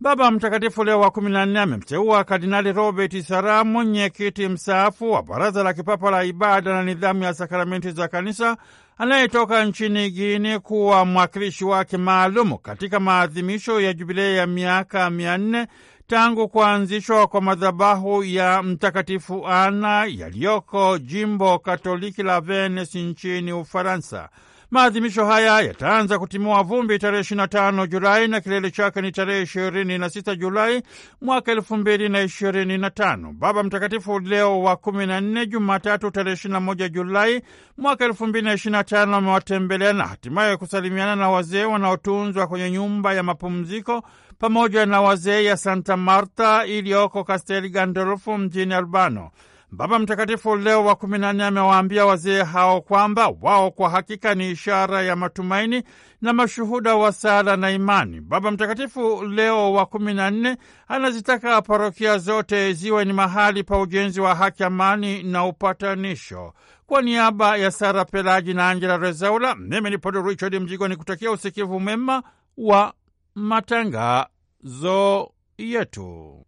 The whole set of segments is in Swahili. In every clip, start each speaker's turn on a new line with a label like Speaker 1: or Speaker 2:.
Speaker 1: Baba Mtakatifu Leo wa kumi na nne amemteua Kardinali Robert Sara, mwenyekiti mstaafu wa Baraza la Kipapa la Ibada na Nidhamu ya Sakramenti za Kanisa, anayetoka nchini Guini, kuwa mwakilishi wake maalumu katika maadhimisho ya jubilei ya miaka mia nne tangu kuanzishwa kwa madhabahu ya Mtakatifu Ana yaliyoko jimbo Katoliki la Venes nchini Ufaransa. Maadhimisho haya yataanza kutimua vumbi tarehe 25 Julai na kilele chake ni tarehe 26 Julai mwaka 2025. Baba Mtakatifu Leo wa 14, Jumatatu tarehe 21 Julai mwaka 2025, amewatembelea na hatimaye kusalimiana na wazee wanaotunzwa kwenye nyumba ya mapumziko pamoja na wazee ya Santa Marta iliyoko Castel Gandolfo mjini Albano. Baba Mtakatifu Leo wa kumi na nne amewaambia wazee hao kwamba wao kwa hakika ni ishara ya matumaini na mashuhuda wa sala na imani. Baba Mtakatifu Leo wa kumi na nne anazitaka parokia zote ziwe ni mahali pa ujenzi wa haki, amani na upatanisho. Kwa niaba ya Sara Pelaji na Angela Rezaula, mimi ni Padre Richard Mjigwa ni kutakia usikivu mema wa matangazo yetu.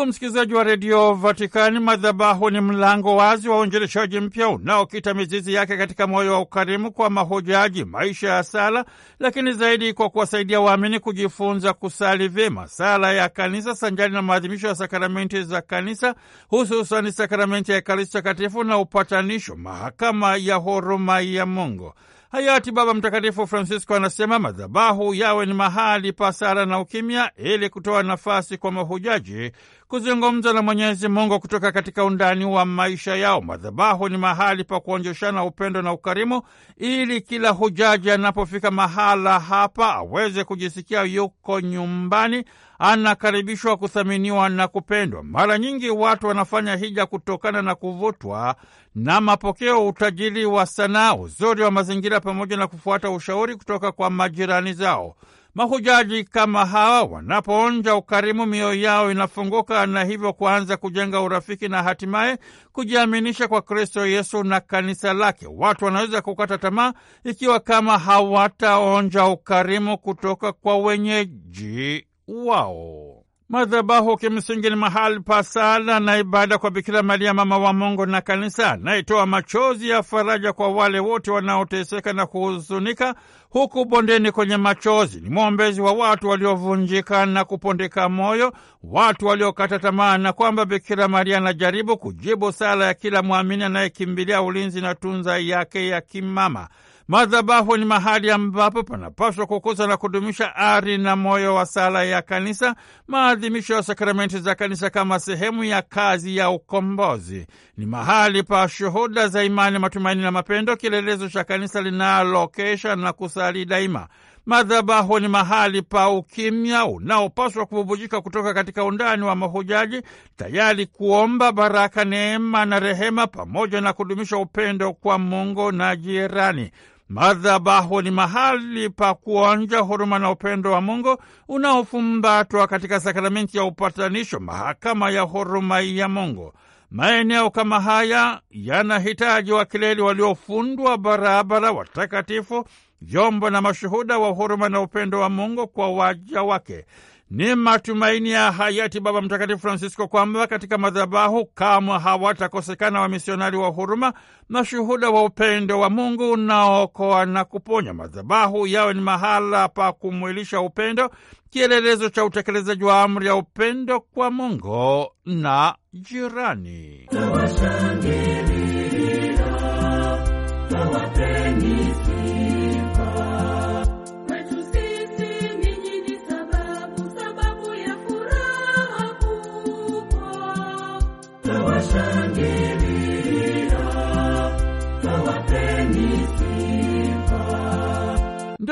Speaker 1: Ndugu msikilizaji wa redio Vatikani, madhabahu ni mlango wazi wa uinjilishaji mpya unaokita mizizi yake katika moyo wa ukarimu kwa mahujaji, maisha ya sala, lakini zaidi kwa kuwasaidia waamini kujifunza kusali vyema. Sala ya kanisa sanjali na maadhimisho ya sakramenti za kanisa, hususani sakramenti ya Ekaristi Takatifu na upatanisho, mahakama ya huruma ya Mungu. Hayati Baba Mtakatifu Francisco anasema madhabahu yawe ni mahali pa sala na ukimya, ili kutoa nafasi kwa mahujaji kuzungumza na Mwenyezi Mungu kutoka katika undani wa maisha yao. Madhabahu ni mahali pa kuonjeshana upendo na ukarimu, ili kila hujaji anapofika mahala hapa aweze kujisikia yuko nyumbani, anakaribishwa, kuthaminiwa na kupendwa. Mara nyingi watu wanafanya hija kutokana na kuvutwa na mapokeo, utajiri wa sanaa, uzuri wa mazingira, pamoja na kufuata ushauri kutoka kwa majirani zao. Mahujaji kama hawa wanapoonja ukarimu, mioyo yao inafunguka na hivyo kuanza kujenga urafiki na hatimaye kujiaminisha kwa Kristo Yesu na kanisa lake. Watu wanaweza kukata tamaa ikiwa kama hawataonja ukarimu kutoka kwa wenyeji wao. Madhabahu kimsingi ni mahali pa sala na ibada kwa Bikira Maria, mama wa Mungu na Kanisa, naitoa machozi ya faraja kwa wale wote wanaoteseka na kuhuzunika huku bondeni kwenye machozi. Ni mwombezi wa watu waliovunjika na kupondeka moyo, watu waliokata tamaa, na kwamba Bikira Maria anajaribu kujibu sala ya kila mwamini anayekimbilia ulinzi na tunza yake ya kimama. Madhabahu ni mahali ambapo panapaswa kukuza na kudumisha ari na moyo wa sala ya kanisa, maadhimisho ya sakramenti za kanisa kama sehemu ya kazi ya ukombozi. Ni mahali pa shuhuda za imani, matumaini na mapendo, kielelezo cha kanisa linalokesha na kusali daima. Madhabahu ni mahali pa ukimya unaopaswa kububujika kutoka katika undani wa mahujaji, tayari kuomba baraka, neema na rehema, pamoja na kudumisha upendo kwa Mungu na jirani. Madhabahu ni mahali pa kuonja huruma na upendo wa Mungu unaofumbatwa katika sakramenti ya upatanisho, mahakama ya huruma ya Mungu. Maeneo kama haya yanahitaji wakileli waliofundwa barabara, watakatifu, vyombo na mashuhuda wa huruma na upendo wa Mungu kwa waja wake. Ni matumaini ya hayati Baba Mtakatifu Francisco kwamba katika madhabahu kamwe hawatakosekana wamisionari wa huruma, mashuhuda wa upendo wa Mungu unaookoa na kuponya. Madhabahu yawe ni mahala pa kumwilisha upendo, kielelezo cha utekelezaji wa amri ya upendo kwa Mungu na jirani.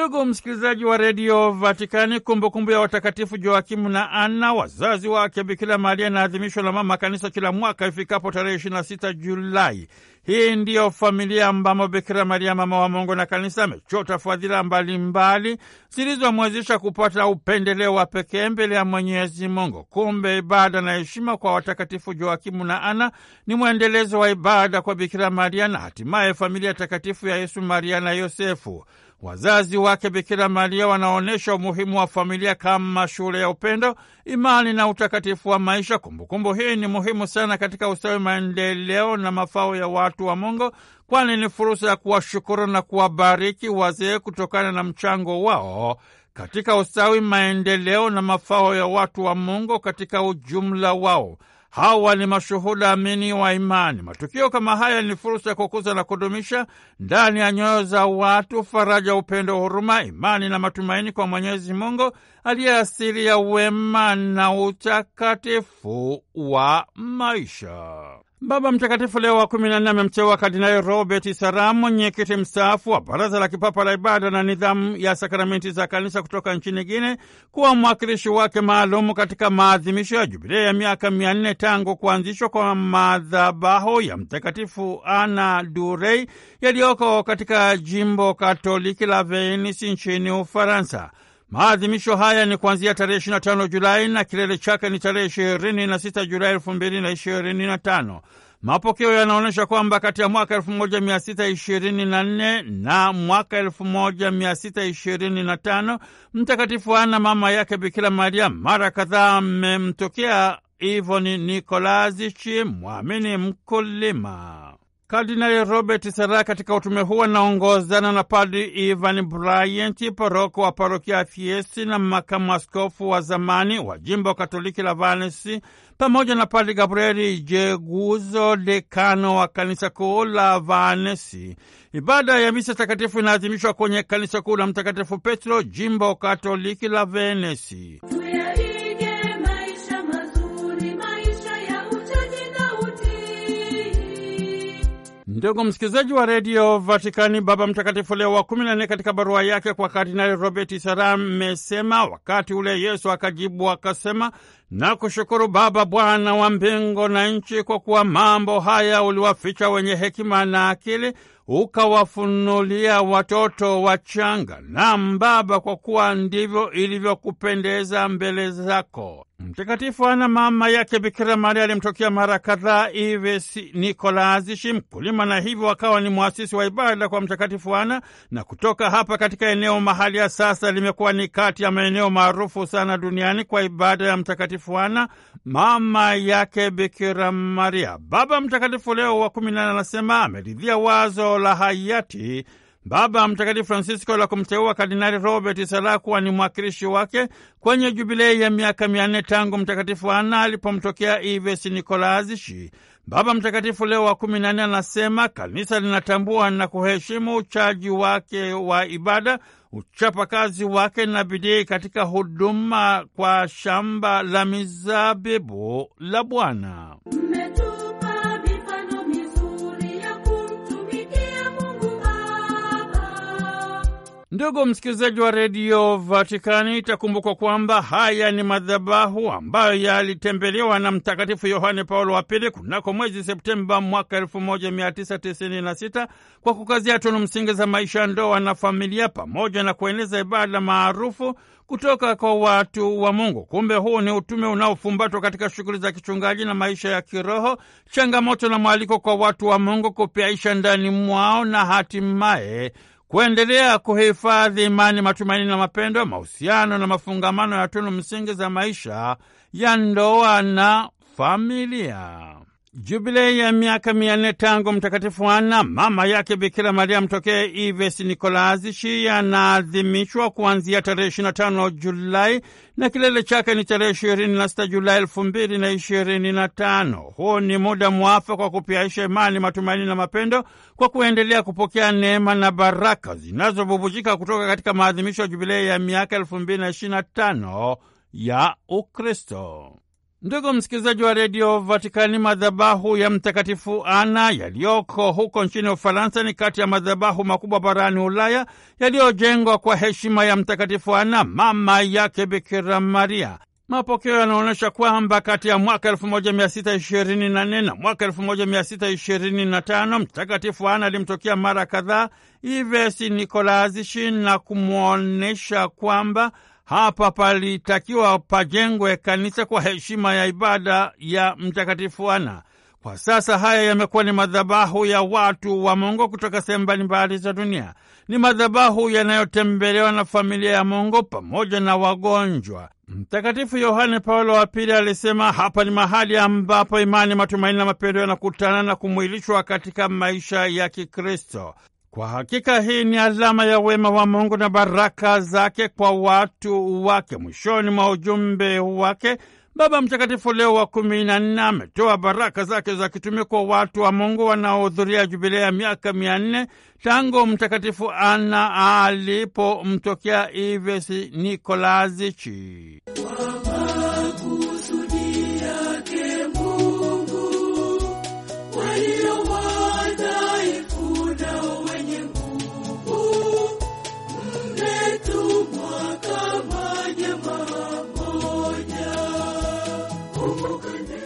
Speaker 1: Ndugu msikilizaji wa redio Vatikani, kumbukumbu ya watakatifu Joakimu na Anna, wazazi wake Bikira Maria, inaadhimishwa na mama kanisa kila mwaka ifikapo tarehe 26 Julai. Hii ndiyo familia ambamo Bikira Maria, mama wa Mungu na kanisa, amechota fadhila mbalimbali zilizomwezesha kupata upendeleo wa pekee mbele ya Mwenyezi Mungu. Kumbe ibada na heshima kwa watakatifu Joakimu na Ana ni mwendelezo wa ibada kwa Bikira Maria na hatimaye familia takatifu ya Yesu, Maria na Yosefu. Wazazi wake Bikira Maria wanaonyesha umuhimu wa familia kama shule ya upendo, imani na utakatifu wa maisha. Kumbukumbu hii ni muhimu sana katika ustawi, maendeleo na mafao ya watu wa Mungu, kwani ni fursa ya kuwashukuru na kuwabariki wazee kutokana na mchango wao katika ustawi, maendeleo na mafao ya watu wa Mungu katika ujumla wao. Hawa ni mashuhuda amini wa imani. Matukio kama haya ni fursa ya kukuza na kudumisha ndani ya nyoyo za watu faraja, upendo, huruma, imani na matumaini kwa Mwenyezi Mungu aliye asili ya wema na utakatifu wa maisha. Baba Mtakatifu Leo wa kumi na nne amemteua Kardinali Robert Saramu, mwenyekiti mstaafu wa Baraza la Kipapa la Ibada na Nidhamu ya Sakramenti za Kanisa kutoka nchini Guine, kuwa mwakilishi wake maalumu katika maadhimisho ya Jubilei ya miaka mia nne tangu kuanzishwa kwa madhabahu ya Mtakatifu Ana Durey yaliyoko katika jimbo Katoliki la Venisi nchini Ufaransa. Maadhimisho haya ni kuanzia tarehe 25 Julai na kilele chake ni tarehe 26 Julai 2025. Mapokeo yanaonyesha kwamba kati ya mwaka 1624 na mwaka 1625 Mtakatifu Ana mama yake Bikira Maria mara kadhaa amemtokea Ivoni nikolazichi mwamini mkulima. Kardinali Robert Sara katika utume huo anaongozana na Padri Ivan Bryant, paroko wa parokia ya Fiesi na makamu askofu wa zamani wa jimbo Katoliki la Vanesi, pamoja na Padri Gabrieli Jeguzo, dekano wa kanisa kuu la Vanesi. Ibada ya misa takatifu inaadhimishwa kwenye kanisa kuu la Mtakatifu Petro, jimbo Katoliki la Venesi. Ndugu msikilizaji wa redio Vatikani, Baba Mtakatifu Leo wa kumi na nne katika barua yake kwa Kardinali Robert Sara amesema wakati ule Yesu akajibu akasema, na kushukuru Baba, Bwana wa mbingu na nchi, kwa kuwa mambo haya uliwaficha wenye hekima na akili, ukawafunulia watoto wachanga. Naam Baba, kwa kuwa ndivyo ilivyokupendeza mbele zako. Mtakatifu Ana mama yake Bikira Maria alimtokea mara kadhaa Ives nikolazishi mkulima na hivyo akawa ni mwasisi wa ibada kwa Mtakatifu Ana. Na kutoka hapa katika eneo mahali ya sasa limekuwa ni kati ya maeneo maarufu sana duniani kwa ibada ya Mtakatifu Mtakatifu Ana, mama yake Bikira Maria. Baba Mtakatifu Leo wa kumi na nane anasema ameridhia wazo la hayati Baba Mtakatifu Francisco la kumteua Kardinali Robert Sala kuwa ni mwakilishi wake kwenye jubilei ya miaka mia nne tangu Mtakatifu Ana alipomtokea Ives Nikolazishi. Baba Mtakatifu Leo wa kumi na nne anasema kanisa linatambua na kuheshimu uchaji wake wa ibada uchapakazi wake na bidii katika huduma kwa shamba la mizabibu la Bwana. Ndugu msikilizaji wa redio Vatikani, itakumbukwa kwamba haya ni madhabahu ambayo yalitembelewa na Mtakatifu Yohane Paulo wa Pili kunako mwezi Septemba mwaka 1996 kwa kukazia tunu msingi za maisha, ndoa na familia, pamoja na kueneza ibada maarufu kutoka kwa watu wa Mungu. Kumbe huu ni utume unaofumbatwa katika shughuli za kichungaji na maisha ya kiroho, changamoto na mwaliko kwa watu wa Mungu kupiaisha ndani mwao na hatimaye kuendelea kuhifadhi imani, matumaini na mapendo, mahusiano na mafungamano ya tunu msingi za maisha ya ndoa na familia. Jubilei ya miaka mia nne tangu Mtakatifu Ana mama yake Bikira Maria mtokee Ives Nikolazi shi yanaadhimishwa kuanzia tarehe 25 Julai na kilele chake ni tarehe 26 Julai tano. Huu ni muda mwafaka wa kupiaisha imani, matumaini na mapendo kwa kuendelea kupokea neema na baraka zinazobubujika kutoka katika maadhimisho ya jubilei ya miaka 2025 ya Ukristo. Ndugu msikilizaji wa redio Vatikani, madhabahu ya Mtakatifu Ana yaliyoko huko nchini Ufaransa ni kati ya madhabahu makubwa barani Ulaya yaliyojengwa kwa heshima ya Mtakatifu Ana, mama yake Bikira Maria. Mapokeo yanaonyesha kwamba kati ya mwaka 1624 na mwaka 1625 Mtakatifu Ana alimtokea mara kadhaa Ivesi nikolazishi na kumwonyesha kwamba hapa palitakiwa pajengwe kanisa kwa heshima ya ibada ya Mtakatifu Ana. Kwa sasa haya yamekuwa ni madhabahu ya watu wa Mungu kutoka sehemu mbalimbali za dunia. Ni madhabahu yanayotembelewa na familia ya Mungu pamoja na wagonjwa. Mtakatifu Yohane Paulo wa Pili alisema hapa ni mahali ambapo imani, matumaini na mapendo yanakutana na kumwilishwa katika maisha ya Kikristo. Kwa hakika hii ni alama ya wema wa Mungu na baraka zake kwa watu wake. Mwishoni mwa ujumbe wake, Baba Mtakatifu Leo wa kumi na nne ametoa baraka zake za kitume kwa watu wa Mungu wanaohudhuria jubilea ya miaka mia nne tangu Mtakatifu Ana alipomtokea Ivesi nikolazichi
Speaker 2: wow.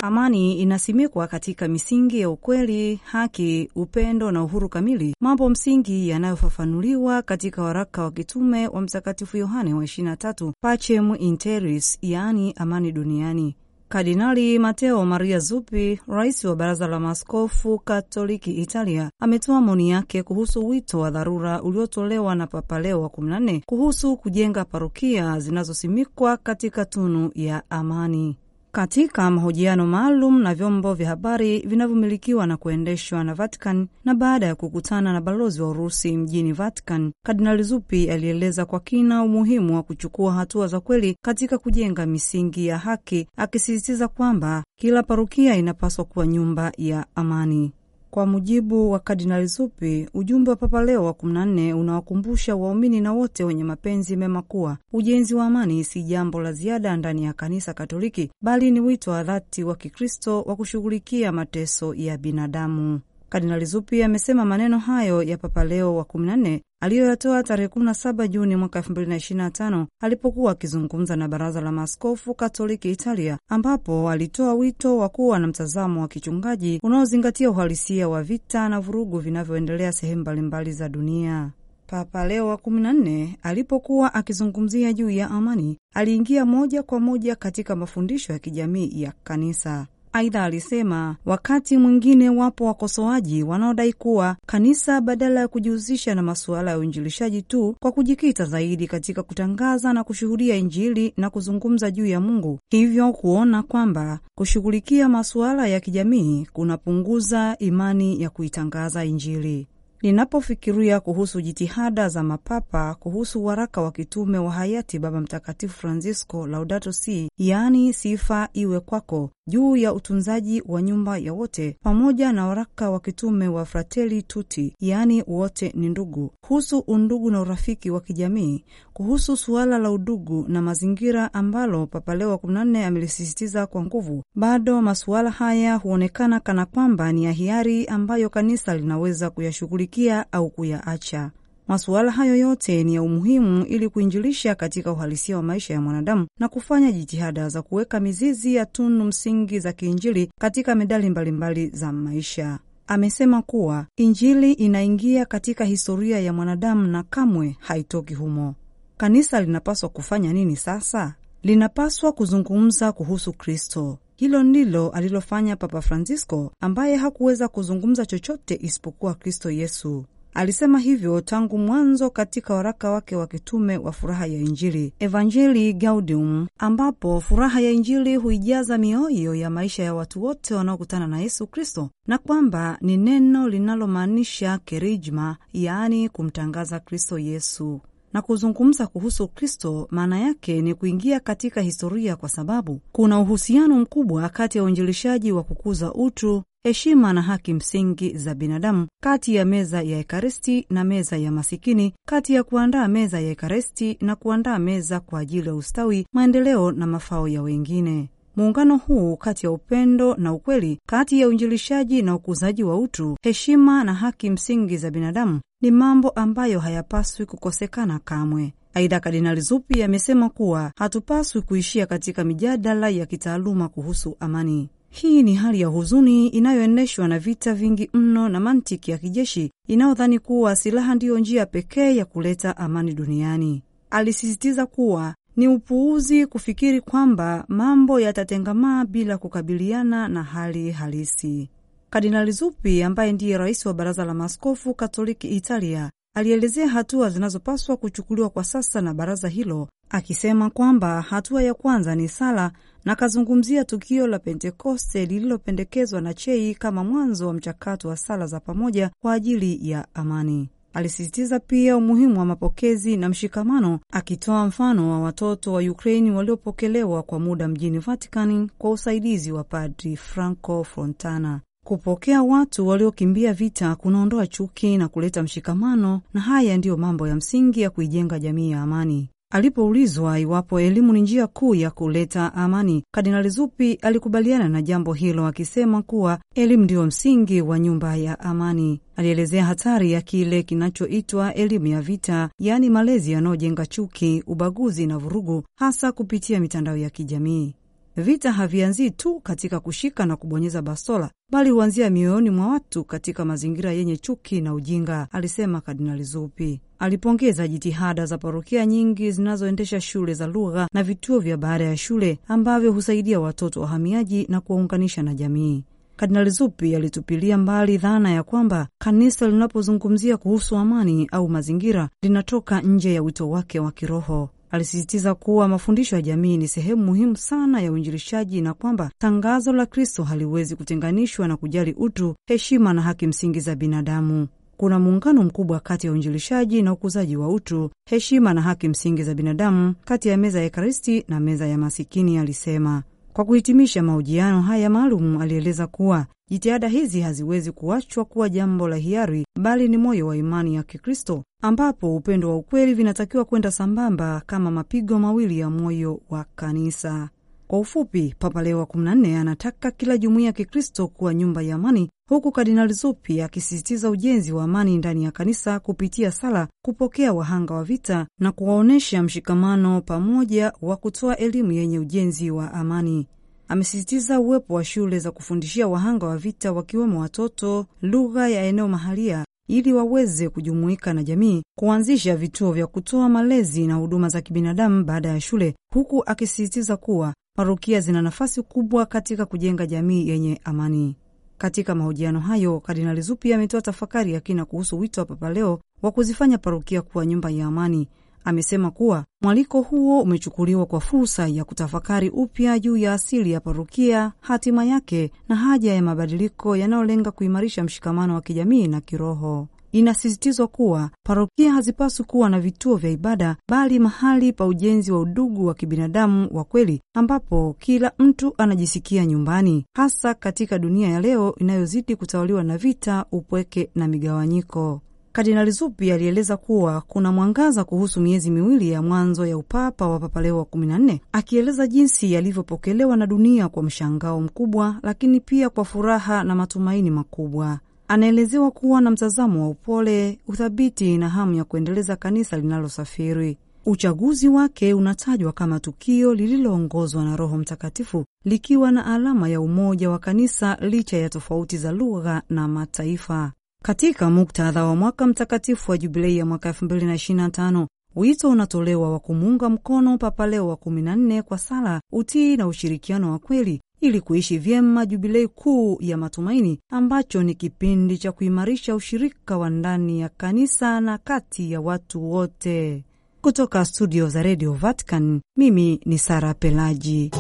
Speaker 3: Amani inasimikwa katika misingi ya ukweli, haki, upendo na uhuru kamili, mambo msingi yanayofafanuliwa katika waraka wa kitume wa Mtakatifu Yohane wa 23 Pacem in Terris, yaani amani duniani. Kardinali Mateo Maria Zuppi, rais wa Baraza la Maaskofu Katoliki Italia, ametoa maoni yake kuhusu wito wa dharura uliotolewa na Papa Leo wa 14 kuhusu kujenga parokia zinazosimikwa katika tunu ya amani. Katika mahojiano maalum na vyombo vya habari vinavyomilikiwa na kuendeshwa na Vatican na baada ya kukutana na balozi wa Urusi mjini Vatican, Kardinali Zuppi alieleza kwa kina umuhimu wa kuchukua hatua za kweli katika kujenga misingi ya haki, akisisitiza kwamba kila parukia inapaswa kuwa nyumba ya amani. Kwa mujibu wa Kardinali Zuppi, ujumbe wa Papa Leo wa kumi na nne unawakumbusha waumini na wote wenye mapenzi mema kuwa ujenzi wa amani si jambo la ziada ndani ya Kanisa Katoliki, bali ni wito wa dhati wa Kikristo wa kushughulikia mateso ya binadamu. Kardinali Zuppi amesema maneno hayo ya Papa Leo wa 14 aliyoyatoa tarehe 17 Juni mwaka 2025 alipokuwa akizungumza na Baraza la Maaskofu Katoliki Italia, ambapo alitoa wito wa kuwa na mtazamo wa kichungaji unaozingatia uhalisia wa vita na vurugu vinavyoendelea sehemu mbalimbali za dunia. Papa Leo wa 14 alipokuwa akizungumzia juu ya amani, aliingia moja kwa moja katika mafundisho ya kijamii ya Kanisa. Aidha alisema wakati mwingine wapo wakosoaji wanaodai kuwa kanisa badala ya kujihusisha na masuala ya uinjilishaji tu kwa kujikita zaidi katika kutangaza na kushuhudia Injili na kuzungumza juu ya Mungu, hivyo kuona kwamba kushughulikia masuala ya kijamii kunapunguza imani ya kuitangaza Injili. Ninapofikiria kuhusu jitihada za mapapa kuhusu waraka wa kitume wa hayati Baba Mtakatifu Francisco Laudato Si, yaani sifa iwe kwako, juu ya utunzaji wa nyumba ya wote, pamoja na waraka wa kitume wa Fratelli Tutti, yaani wote ni ndugu, kuhusu undugu na urafiki wa kijamii, kuhusu suala la udugu na mazingira ambalo Papa Leo wa kumi amelisisitiza kwa nguvu, bado masuala haya huonekana kana kwamba ni ya hiari ambayo kanisa linaweza kuyashughulikia kuyafikia au kuyaacha. Masuala hayo yote ni ya umuhimu ili kuinjilisha katika uhalisia wa maisha ya mwanadamu na kufanya jitihada za kuweka mizizi ya tunu msingi za kiinjili katika medali mbalimbali za maisha. Amesema kuwa injili inaingia katika historia ya mwanadamu na kamwe haitoki humo. Kanisa linapaswa kufanya nini sasa? Linapaswa kuzungumza kuhusu Kristo, hilo ndilo alilofanya Papa Francisco ambaye hakuweza kuzungumza chochote isipokuwa Kristo Yesu. Alisema hivyo tangu mwanzo katika waraka wake wa kitume wa furaha ya Injili, Evangelii Gaudium, ambapo furaha ya Injili huijaza mioyo ya maisha ya watu wote wanaokutana na Yesu Kristo, na kwamba ni neno linalomaanisha kerijma, yaani kumtangaza Kristo Yesu na kuzungumza kuhusu Kristo, maana yake ni kuingia katika historia, kwa sababu kuna uhusiano mkubwa kati ya uinjilishaji wa kukuza utu, heshima na haki msingi za binadamu, kati ya meza ya Ekaristi na meza ya masikini, kati ya kuandaa meza ya Ekaristi na kuandaa meza kwa ajili ya ustawi, maendeleo na mafao ya wengine. Muungano huu kati ya upendo na ukweli, kati ya uinjilishaji na ukuzaji wa utu, heshima na haki msingi za binadamu, ni mambo ambayo hayapaswi kukosekana kamwe. Aidha, Kardinali Zuppi amesema kuwa hatupaswi kuishia katika mijadala ya kitaaluma kuhusu amani. Hii ni hali ya huzuni inayoendeshwa na vita vingi mno na mantiki ya kijeshi inayodhani kuwa silaha ndiyo njia pekee ya kuleta amani duniani. Alisisitiza kuwa ni upuuzi kufikiri kwamba mambo yatatengamaa bila kukabiliana na hali halisi. Kardinali Zuppi ambaye ndiye rais wa baraza la maaskofu Katoliki Italia alielezea hatua zinazopaswa kuchukuliwa kwa sasa na baraza hilo, akisema kwamba hatua ya kwanza ni sala, na akazungumzia tukio la Pentekoste lililopendekezwa na Chei kama mwanzo wa mchakato wa sala za pamoja kwa ajili ya amani. Alisisitiza pia umuhimu wa mapokezi na mshikamano, akitoa mfano wa watoto wa Ukraini waliopokelewa kwa muda mjini Vatikani kwa usaidizi wa Padri Franco Fontana. Kupokea watu waliokimbia vita kunaondoa chuki na kuleta mshikamano, na haya ndiyo mambo ya msingi ya kuijenga jamii ya amani. Alipoulizwa iwapo elimu ni njia kuu ya kuleta amani, Kardinali Zuppi alikubaliana na jambo hilo akisema kuwa elimu ndiyo msingi wa nyumba ya amani. Alielezea hatari ya kile kinachoitwa elimu ya vita, yaani malezi yanayojenga chuki, ubaguzi na vurugu, hasa kupitia mitandao ya kijamii. Vita havianzii tu katika kushika na kubonyeza bastola, bali huanzia mioyoni mwa watu katika mazingira yenye chuki na ujinga, alisema Kardinali Zuppi. Alipongeza jitihada za parokia nyingi zinazoendesha shule za lugha na vituo vya baada ya shule ambavyo husaidia watoto wahamiaji na kuwaunganisha na jamii. Kardinali Zuppi alitupilia mbali dhana ya kwamba kanisa linapozungumzia kuhusu amani au mazingira linatoka nje ya wito wake wa kiroho. Alisisitiza kuwa mafundisho ya jamii ni sehemu muhimu sana ya uinjilishaji na kwamba tangazo la Kristo haliwezi kutenganishwa na kujali utu, heshima na haki msingi za binadamu. Kuna muungano mkubwa kati ya uinjilishaji na ukuzaji wa utu, heshima na haki msingi za binadamu, kati ya meza ya Ekaristi na meza ya masikini, alisema. Kwa kuhitimisha mahojiano haya maalum, alieleza kuwa jitihada hizi haziwezi kuachwa kuwa jambo la hiari, bali ni moyo wa imani ya Kikristo ambapo upendo wa ukweli vinatakiwa kwenda sambamba kama mapigo mawili ya moyo wa kanisa. Kwa ufupi, Papa Leo wa 14 anataka kila jumuiya ya Kikristo kuwa nyumba ya amani, huku Kardinali Zuppi akisisitiza ujenzi wa amani ndani ya kanisa kupitia sala, kupokea wahanga wa vita na kuwaonyesha mshikamano pamoja wa kutoa elimu yenye ujenzi wa amani. Amesisitiza uwepo wa shule za kufundishia wahanga wa vita, wakiwemo watoto, lugha ya eneo mahalia ili waweze kujumuika na jamii, kuanzisha vituo vya kutoa malezi na huduma za kibinadamu baada ya shule, huku akisisitiza kuwa Parokia zina nafasi kubwa katika kujenga jamii yenye amani. Katika mahojiano hayo, Kardinali Zuppi ametoa tafakari ya kina kuhusu wito wa Papa Leo wa kuzifanya parokia kuwa nyumba ya amani. Amesema kuwa mwaliko huo umechukuliwa kwa fursa ya kutafakari upya juu ya asili ya parokia, hatima yake na haja ya mabadiliko yanayolenga kuimarisha mshikamano wa kijamii na kiroho inasisitizwa kuwa parokia hazipaswi kuwa na vituo vya ibada, bali mahali pa ujenzi wa udugu wa kibinadamu wa kweli, ambapo kila mtu anajisikia nyumbani, hasa katika dunia ya leo inayozidi kutawaliwa na vita, upweke na migawanyiko. Kardinali Zuppi alieleza kuwa kuna mwangaza kuhusu miezi miwili ya mwanzo ya upapa wa Papa Leo wa 14, akieleza jinsi yalivyopokelewa na dunia kwa mshangao mkubwa, lakini pia kwa furaha na matumaini makubwa anaelezewa kuwa na mtazamo wa upole, uthabiti na hamu ya kuendeleza kanisa linalosafiri. Uchaguzi wake unatajwa kama tukio lililoongozwa na Roho Mtakatifu, likiwa na alama ya umoja wa kanisa licha ya tofauti za lugha na mataifa. Katika muktadha wa mwaka mtakatifu wa jubilei ya mwaka 2025 wito unatolewa wa kumuunga mkono Papa Leo wa 14 kwa sala, utii na ushirikiano wa kweli ili kuishi vyema jubilei kuu ya matumaini ambacho ni kipindi cha kuimarisha ushirika wa ndani ya kanisa na kati ya watu wote. Kutoka studio za Radio Vatican, mimi ni Sara Pelaji.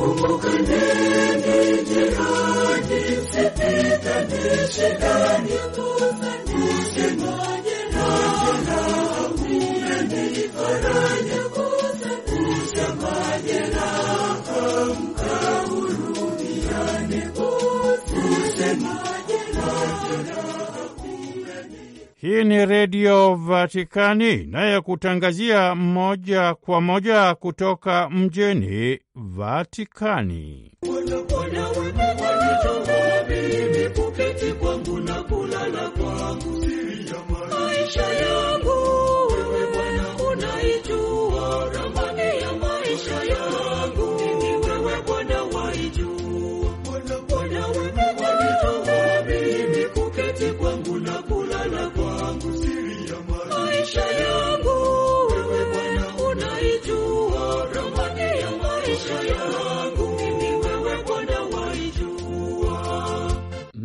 Speaker 1: Hii ni Redio Vatikani inayekutangazia moja kwa moja kutoka mjini Vatikani.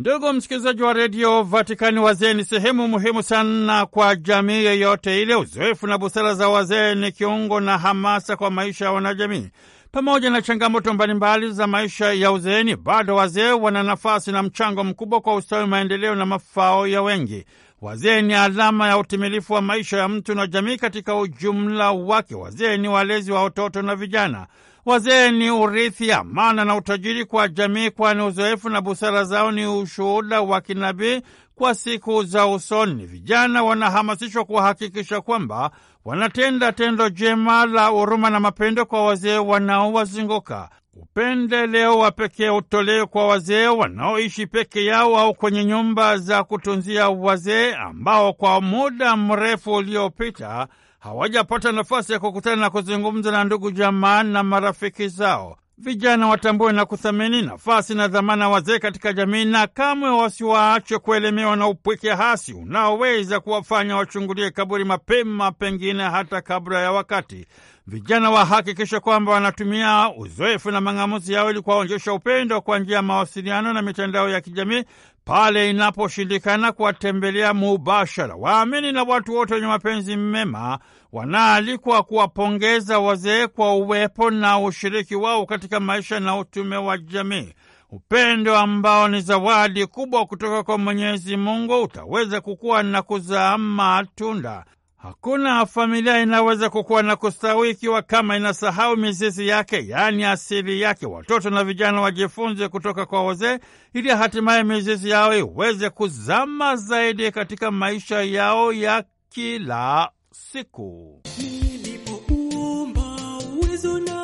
Speaker 1: Ndugu msikilizaji wa redio Vatikani, wazee ni sehemu muhimu sana kwa jamii yoyote ile. Uzoefu na busara za wazee ni kiungo na hamasa kwa maisha ya wanajamii. Pamoja na changamoto mbalimbali za maisha ya uzeeni, bado wazee wana nafasi na mchango mkubwa kwa ustawi, maendeleo na mafao ya wengi. Wazee ni alama ya utimilifu wa maisha ya mtu na jamii katika ujumla wake. Wazee ni walezi wa watoto na vijana. Wazee ni urithi, amana na utajiri kwa jamii, kwani uzoefu na busara zao ni ushuhuda wa kinabii kwa siku za usoni. Vijana wanahamasishwa kuhakikisha kwamba wanatenda tendo jema la huruma na mapendo kwa wazee wanaowazunguka Upendeleo wa pekee utolewe kwa wazee wanaoishi peke yao au kwenye nyumba za kutunzia wazee, ambao kwa muda mrefu uliopita hawajapata nafasi ya kukutana na kuzungumza na ndugu jamaa na marafiki zao. Vijana watambue na kuthamini nafasi na dhamana wazee katika jamii, na kamwe wasiwaache kuelemewa na upweke hasi unaoweza kuwafanya wachungulie kaburi mapema, pengine hata kabla ya wakati. Vijana wahakikishe kwamba wanatumia uzoefu na mang'amuzi yao ili kuwaonyesha upendo kwa njia ya mawasiliano na mitandao ya kijamii pale inaposhindikana kuwatembelea mubashara. Waamini na watu wote wenye mapenzi mema wanaalikwa kuwapongeza wazee kwa uwepo na ushiriki wao katika maisha na utume wa jamii. Upendo ambao ni zawadi kubwa kutoka kwa Mwenyezi Mungu utaweza kukua na kuzaa matunda. Hakuna familia inaweza kukuwa na kustawi ikiwa kama inasahau mizizi yake, yaani asili yake. Watoto na vijana wajifunze kutoka kwa wazee, ili hatimaye mizizi yao iweze kuzama zaidi katika maisha yao ya kila siku. Nilipoumba uwezo na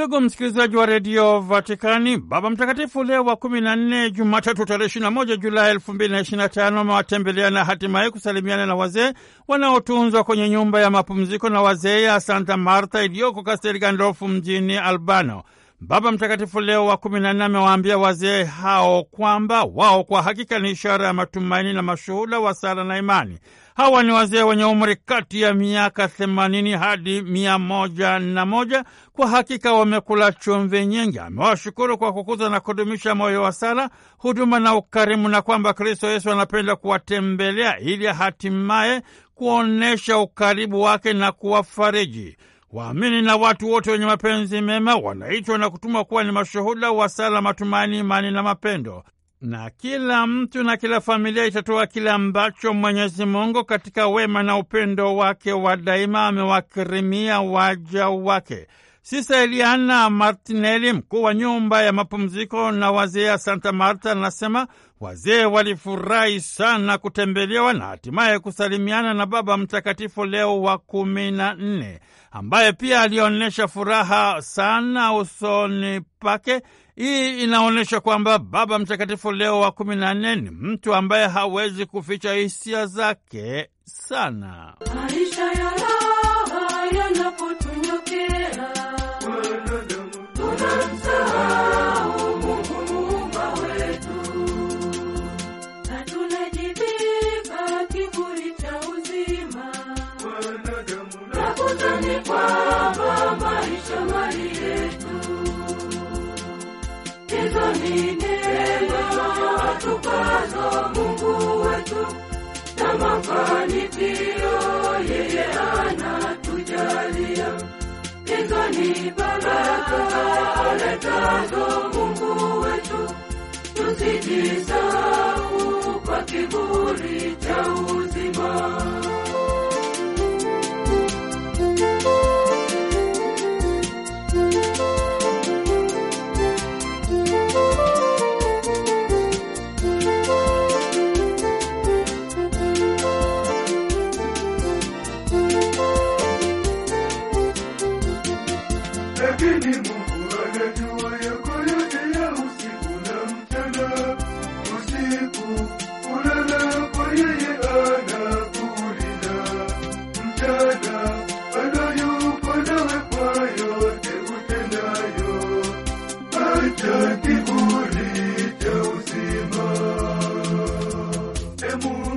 Speaker 1: Ndugu msikilizaji wa redio Vatikani, Baba Mtakatifu Leo wa kumi na nne, Jumatatu tarehe ishirini na moja Julai elfu mbili na ishirini na tano amewatembelea na hatimaye kusalimiana na wazee wanaotunzwa kwenye nyumba ya mapumziko na wazee ya Santa Marta iliyoko Kastel Gandolfu mjini Albano. Baba Mtakatifu Leo wa kumi na nne amewaambia wazee hao kwamba wao kwa hakika ni ishara ya matumaini na mashuhuda wa sala na imani. Hawa ni wazee wenye umri kati ya miaka themanini hadi mia moja na moja. Kwa hakika wamekula chumvi nyingi. Amewashukuru kwa kukuza na kudumisha moyo wa sala, huduma na ukarimu, na kwamba Kristo Yesu anapenda kuwatembelea ili hatimaye kuonyesha ukaribu wake na kuwafariji. Waamini na watu wote wenye mapenzi mema wanaitwa na kutumwa kuwa ni mashuhuda wa sala, matumaini, imani na mapendo, na kila mtu na kila familia itatoa kile ambacho Mwenyezi Mungu katika wema na upendo wake wa daima amewakirimia waja wake. Sisa Eliana Martinelli, mkuu wa nyumba ya mapumziko na wazee ya Santa Marta, anasema Wazee walifurahi sana kutembelewa na hatimaye kusalimiana na Baba Mtakatifu Leo wa kumi na nne, ambaye pia alionyesha furaha sana usoni pake. Hii inaonyesha kwamba Baba Mtakatifu Leo wa kumi na nne ni mtu ambaye hawezi kuficha hisia zake sana
Speaker 2: Marisha, kwamba maisha mali yetu hizo ni neema atupazo Mungu wetu na mafanikio yeye anatujalia. Hizo ni baraka aletazo Mungu wetu, tusijisahau kwa kiburi cha uzima. Temos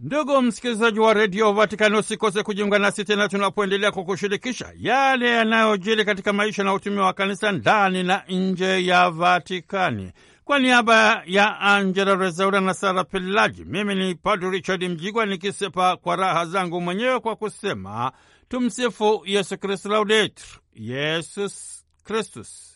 Speaker 1: Ndugu msikilizaji wa redio Vatikani, usikose kujiunga nasi tena tunapoendelea kukushirikisha yale yanayojiri katika maisha na utumi wa kanisa ndani na nje ya Vatikani. Kwa niaba ya Angela Rezaura na Sara Pelaji, mimi ni Padre Richard Mjigwa nikisepa kwa raha zangu mwenyewe kwa kusema tumsifu Yesu Kristu, laudetur Yesus Kristus.